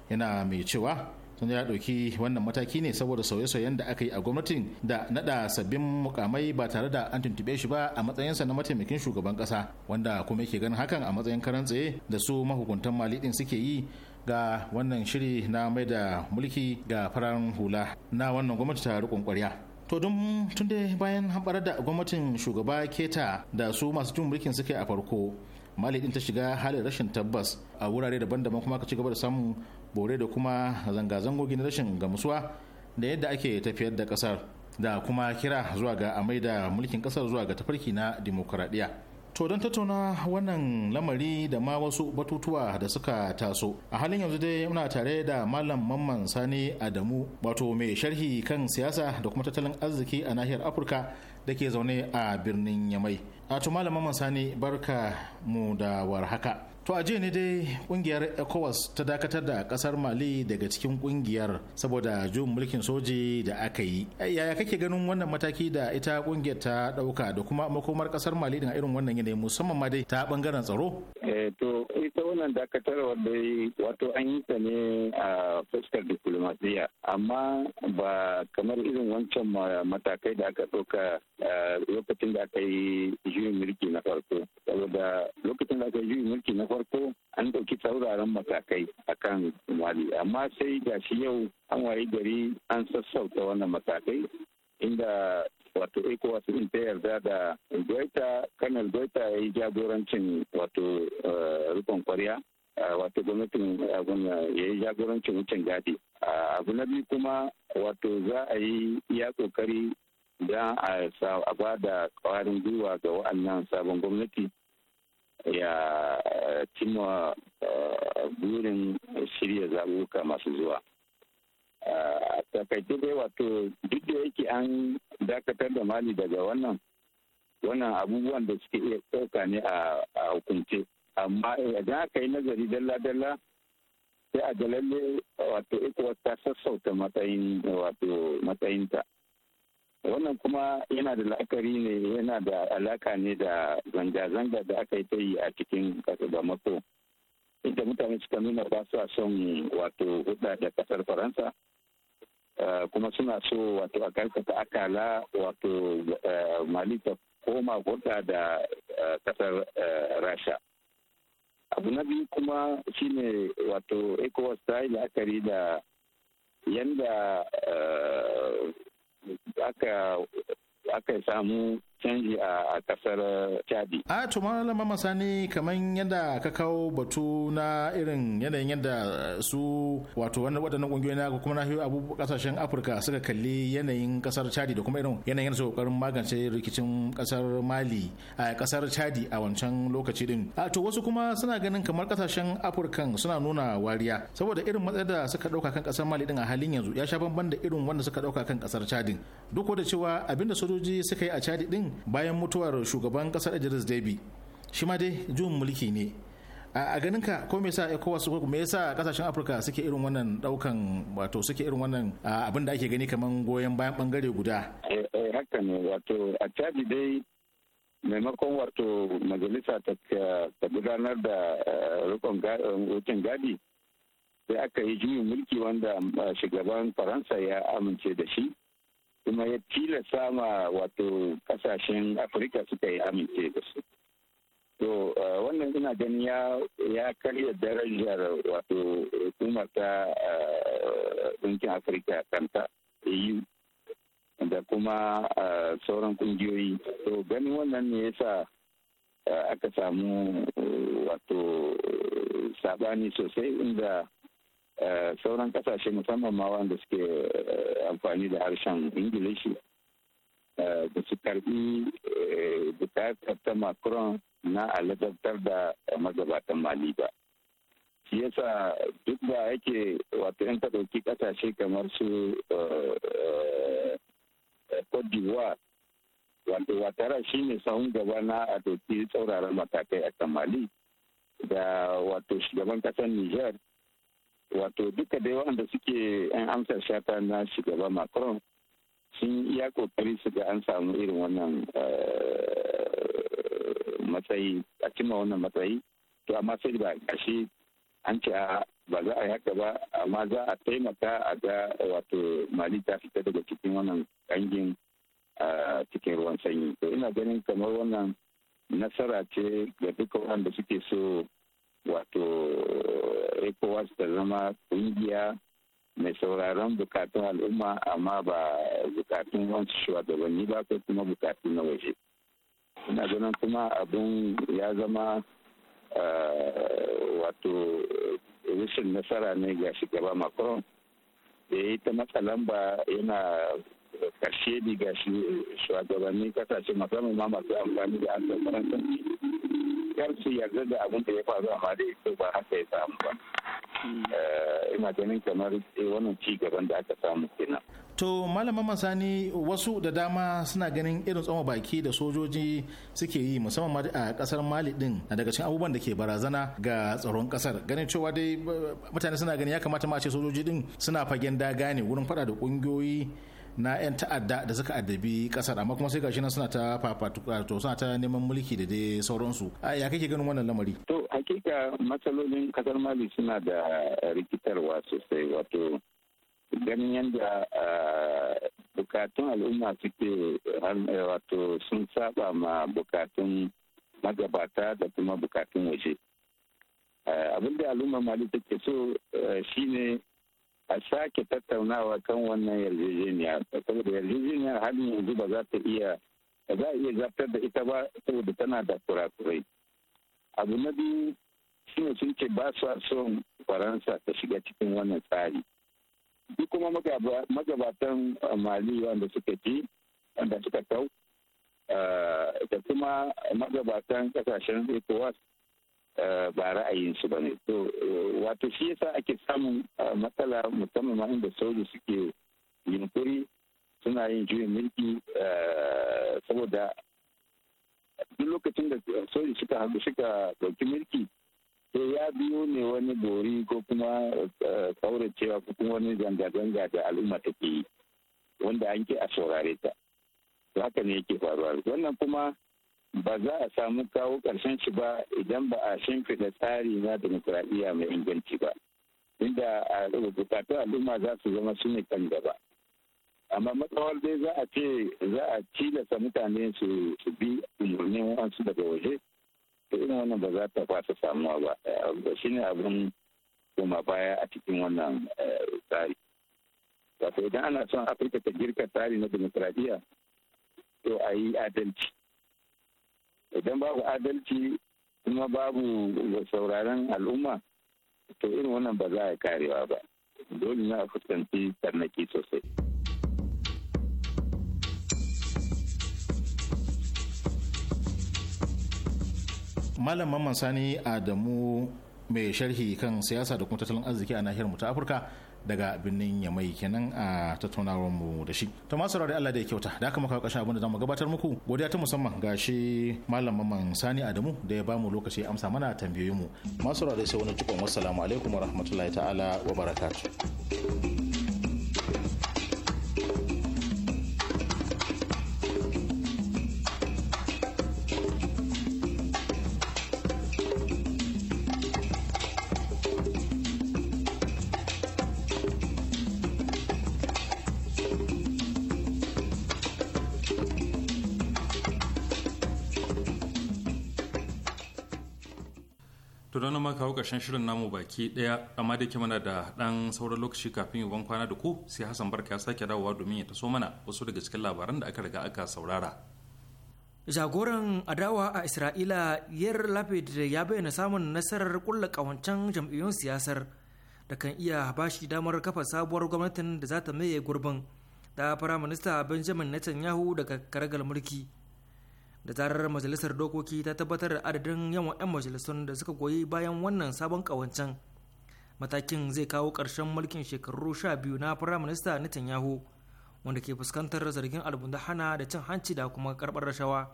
yana mai cewa wanda ya ɗauki wannan mataki ne saboda sauye-sauyen da aka yi a gwamnatin da nada sabbin mukamai ba tare da an tuntube shi ba a matsayinsa na mataimakin shugaban ƙasa wanda kuma yake ganin hakan a matsayin karan tsaye da su mahukuntan mali ɗin suke yi ga wannan shiri na mai da mulki ga fararen hula na wannan gwamnati ta riƙon ƙwarya to don tun bayan hamɓarar da gwamnatin shugaba keta da su masu jin mulkin suke a farko mali din ta shiga halin rashin tabbas a wurare daban-daban kuma ka ci gaba da samun bore da kuma zanga-zango na rashin gamsuwa da yadda ake tafiyar da kasar da kuma kira zuwa ga amai da mulkin kasar zuwa ga tafarki na dimokuraɗiyya to don tattauna wannan lamari da ma wasu batutuwa da suka taso a halin yanzu dai muna tare da malam mamman sani adamu wato mai sharhi kan siyasa da kuma tattalin arziki a nahiyar afirka da ke zaune a birnin yamai wato malamin sani barka mu da warhaka To a jiya ne dai kungiyar ECOWAS ta dakatar da kasar Mali daga cikin kungiyar saboda juyin mulkin soji da aka yi. Eh, yaya kake ganin wannan mataki da ita kungiyar ta dauka da kuma makomar kasar Mali din irin wannan yanayi musamman ma dai ta bangaren tsaro? Eh, to ita wannan dakatar dai wato an yi ta ne a fuskar diplomasiya amma ba kamar irin wancan matakai da aka dauka eh, lokacin da aka yi juyin mulki na farko. Saboda lokacin da aka yi juyin mulki na farko an ɗauki tsauraran matakai a kan mali amma sai ga shi yau an wayi gari an sassauta wannan matakai inda wato ecowas din ta yarda da goita kanal goita ya yi jagorancin wato eh, rufin kwarya eh, wato gwamnatin ya yi jagorancin wucin gadi ah, abu na biyu kuma wato za a yi iya kokari don a ba da kwarin gwiwa ga wa'annan sabon gwamnati ya cimma eh, burin shirya zaɓuɓɓuka masu zuwa. Eh, a takaice dai wato duk da yake an dakatar da mali daga wannan wannan abubuwan da suke iya ɗauka ne a hukunce. Amma idan aka yi nazari dalla-dalla sai a dalalle wato ita ta sassauta matsayin wato matsayinta. wannan kuma yana da la'akari ne yana da alaka ne da zanga-zanga da aka yi ta yi a cikin kasar da mako inda mutane suka nuna ba su son wato hudda da kasar faransa eh, kuma suna so wato a karkata akala wato eh, mali ta koma hudda da kasar eh, rasha abu na biyu kuma shine wato ecowas ta yi la'akari da yanda aka samu canji a kasar eh, chadi a to malama masani kamar yadda ka kawo batu na irin yanayin yadda su wato wadannan kungiyoyi na kuma na abubuwa kasashen afirka suka kalli yanayin kasar chadi da kuma irin yanayin su kokarin magance rikicin kasar mali a kasar chadi a wancan lokaci din a to wasu kuma suna ganin kamar kasashen afirkan suna nuna wariya saboda irin matsayar da suka dauka kan kasar mali din a halin yanzu ya sha bamban da irin wanda suka dauka kan kasar chadin duk da cewa abinda sojoji suka yi a chadi din bayan mutuwar shugaban kasar Idris Deby shi ma dai juyin mulki ne a ganinka ka ko me yasa ECOWAS ko me yasa kasashen Afirka suke irin wannan daukan wato suke irin wannan abin da ake gani kamar goyon bayan bangare guda eh, eh haka ne wato a dai maimakon wato majalisa ta gudanar da eh, rukun gadi sai aka yi juyin mulki wanda eh, shugaban faransa ya amince da shi kuma ya tilasta ma wato kasashen afirka suka yi amince da su to wannan ina gani ya karya darajar wato hukumar ta dinkin afirka kanta eu da kuma sauran kungiyoyi to ganin wannan ne yasa aka samu wato sabani sosai inda Eh, sauran kasashe musamman ma wanda suke eh, amfani da harshen ingilishi da eh, su karbi bukatar ta macron na aladartar da magabatan mali ba shi yasa duk da yake wato yan ɗauki kasashe kamar su cote d'ivoire wato watara shi ne sahun gaba na a doki tsauraran matakai a kan mali da wato shugaban kasar niger wato duka da yawan da suke 'yan amsar shata na shugaba macron sun iya kokari su ga an samu irin wannan eh, matsayi a cima wannan matsayi to amma sai ba shi an ce ba za a yi haka ba amma za a taimaka a ga wato mali ta fita daga cikin wannan a eh, cikin ruwan sanyi to ina ganin kamar wannan nasara ce ga duka waɗanda suke so Eh, wato ecowas ta zama kungiya mai sauraron bukatun al'umma amma ba bukatun wasu shugabanni ba ko kuma bukatun na waje ina ganin kuma abin ya zama eh, wato eh, rashin nasara ne ga shugaba macron da ya yi ta matsalan ba yana karshe ne ga eh, shugabanni kasashe musamman ma masu amfani da harshen faransanci kar su yarda da abin da ya faru amma da ya ba haka ya samu ba eh, ina ganin kamar eh, wannan ci gaban da aka samu kenan to malaman masani wasu da dama suna ganin irin tsoma baki da sojoji suke yi musamman a kasar mali din na daga cikin abubuwan da ke barazana ga tsaron kasar ganin cewa dai mutane suna ganin ya kamata ma ce sojoji din suna fagen daga ne wurin fada da kungiyoyi na 'yan ta'adda da suka addabi kasar amma kuma sai gashi nan suna ta fafatuka to suna ta neman mulki da dai sauransu a ya kake ganin wannan lamari to hakika matsalolin kasar mali suna da rikitarwa sosai wato ganin yadda bukatun al'umma suke wato sun saba ma bukatun magabata da kuma bukatun waje abin da al'umma mali take so eh, shine a sake tattaunawa kan wannan yarjejeniya saboda yarjejeniyar har yanzu ba za ta iya ba za a iya zartar da ita ba saboda tana da kurakurai abu na biyu shine sun ce ba su son faransa ta shiga cikin wannan tsari duk kuma magabatan eh, mali wanda suka ci wanda suka kau eh, da kuma magabatan kasashen ecowas Eh, ba ra'ayinsu ba ne. To, eh, wato shi yasa ake samun eh, matsala musamman ma inda soja suke yunkuri suna yin juyin mulki saboda duk lokacin da soja suka hagu suka ɗauki mulki sai ya biyo ne wani bori ko kuma kauracewa ko kuma wani zanga-zanga da al'umma take yi wanda an ke a saurare ta. Haka ne yake faruwa. Wannan kuma ba za a samu kawo ƙarshen shi ba idan ba a shimfida tsari na demokuraɗiyya mai inganci ba inda a bukatu al'umma za su zama su ne kan gaba amma matsawar dai za a ce za a tilasta mutane su bi umarnin wasu daga waje to irin wannan ba za ta fasa samuwa ba eh, shi ne abin koma baya a cikin wannan eh, tsari wato idan ana son afirka ta girka tsari na demokuraɗiyya to a yi adalci idan babu adalci kuma babu sauraron al'umma to irin wannan ba za a karewa ba dole na fuskanci tarnaki sosai Malam Mamman Sani Adamu mai sharhi kan siyasa da kuma tattalin arziki a nahiyar mu ta Afirka daga birnin yamai kenan a tattaunawar mu da shi to masu da Allah da ya kyauta da aka maka kashin abin da zamu gabatar muku godiya ta musamman ga shi malam mamman Sani Adamu da ya bamu lokaci amsa mana tambayoyin mu masu da sai wani cikon wassalamu alaikum warahmatullahi ta'ala wa barakatuh ƙarshen shirin namu baki daya amma da mana da ɗan sauran lokaci kafin yi kwana da ku sai Hassan Barka ya sake dawowa domin ya taso mana wasu daga cikin labaran da aka riga aka saurara. Jagoran adawa a Isra'ila Yair Lapid ya bayyana samun nasarar kulla kawancen jam'iyyun siyasar da kan iya bashi damar kafa sabuwar gwamnatin da za ta maye gurbin da Firaminista Benjamin Netanyahu daga karagar mulki. da zarar majalisar dokoki ta tabbatar da adadin yawan 'yan majalisun da suka goyi bayan wannan sabon kawancen matakin zai kawo ƙarshen mulkin shekaru sha biyu na firaminista netanyahu wanda ke fuskantar zargin albun da hana da cin hanci da kuma karɓar rashawa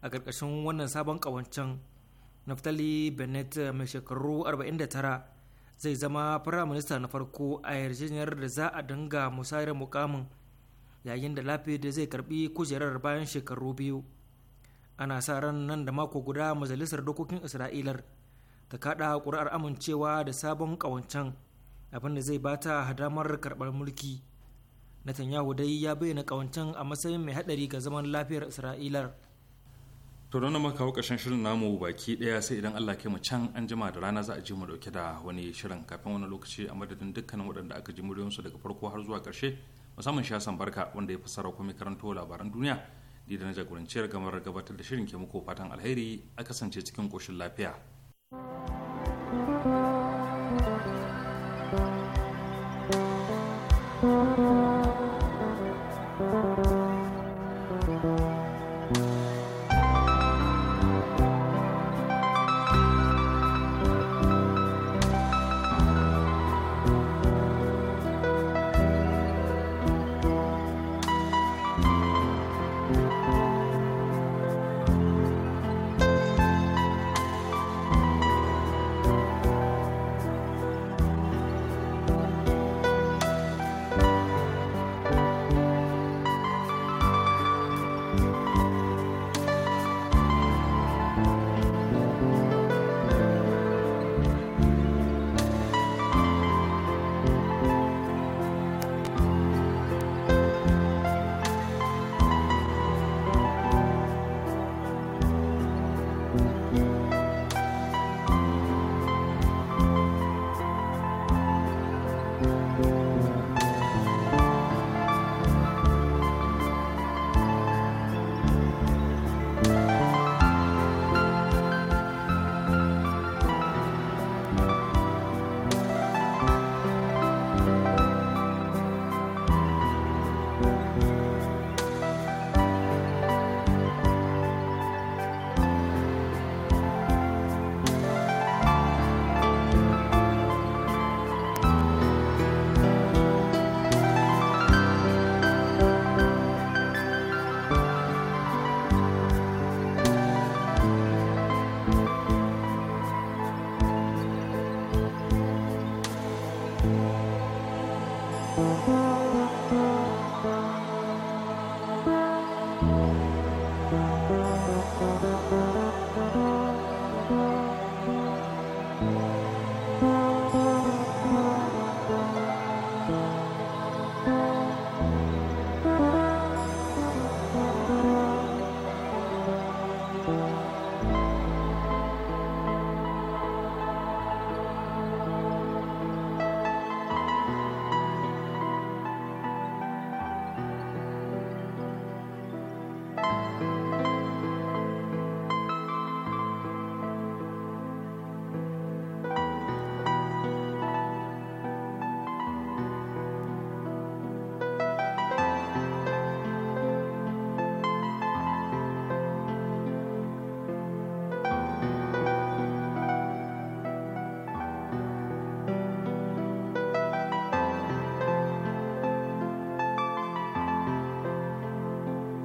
a ƙarƙashin wannan sabon kawancen naftali bennett mai shekaru 49 zai zama firaminista na farko a yarjejeniyar da za a dinga musayar mukamin yayin da lafiya da zai karbi kujerar bayan shekaru biyu ana sa ran nan da mako guda majalisar dokokin isra'ilar ta kada ƙuri'ar amincewa da sabon ƙawancen abin da zai bata hadamar karɓar mulki netanyahu dai ya bayyana ƙawancen a matsayin mai haɗari ga zaman lafiyar isra'ilar to don mu ƙarshen shirin namu baki ɗaya sai idan allah kai mu can an jima da rana za a ji mu ɗauke da wani shirin kafin wani lokaci a madadin dukkanin waɗanda aka ji muryoyinsu daga farko har zuwa ƙarshe musamman shi barka wanda ya fassara kuma karanto labaran duniya dida na jagoranciyar gamar gabatar da shirin ke muku fatan alheri a kasance cikin koshin lafiya.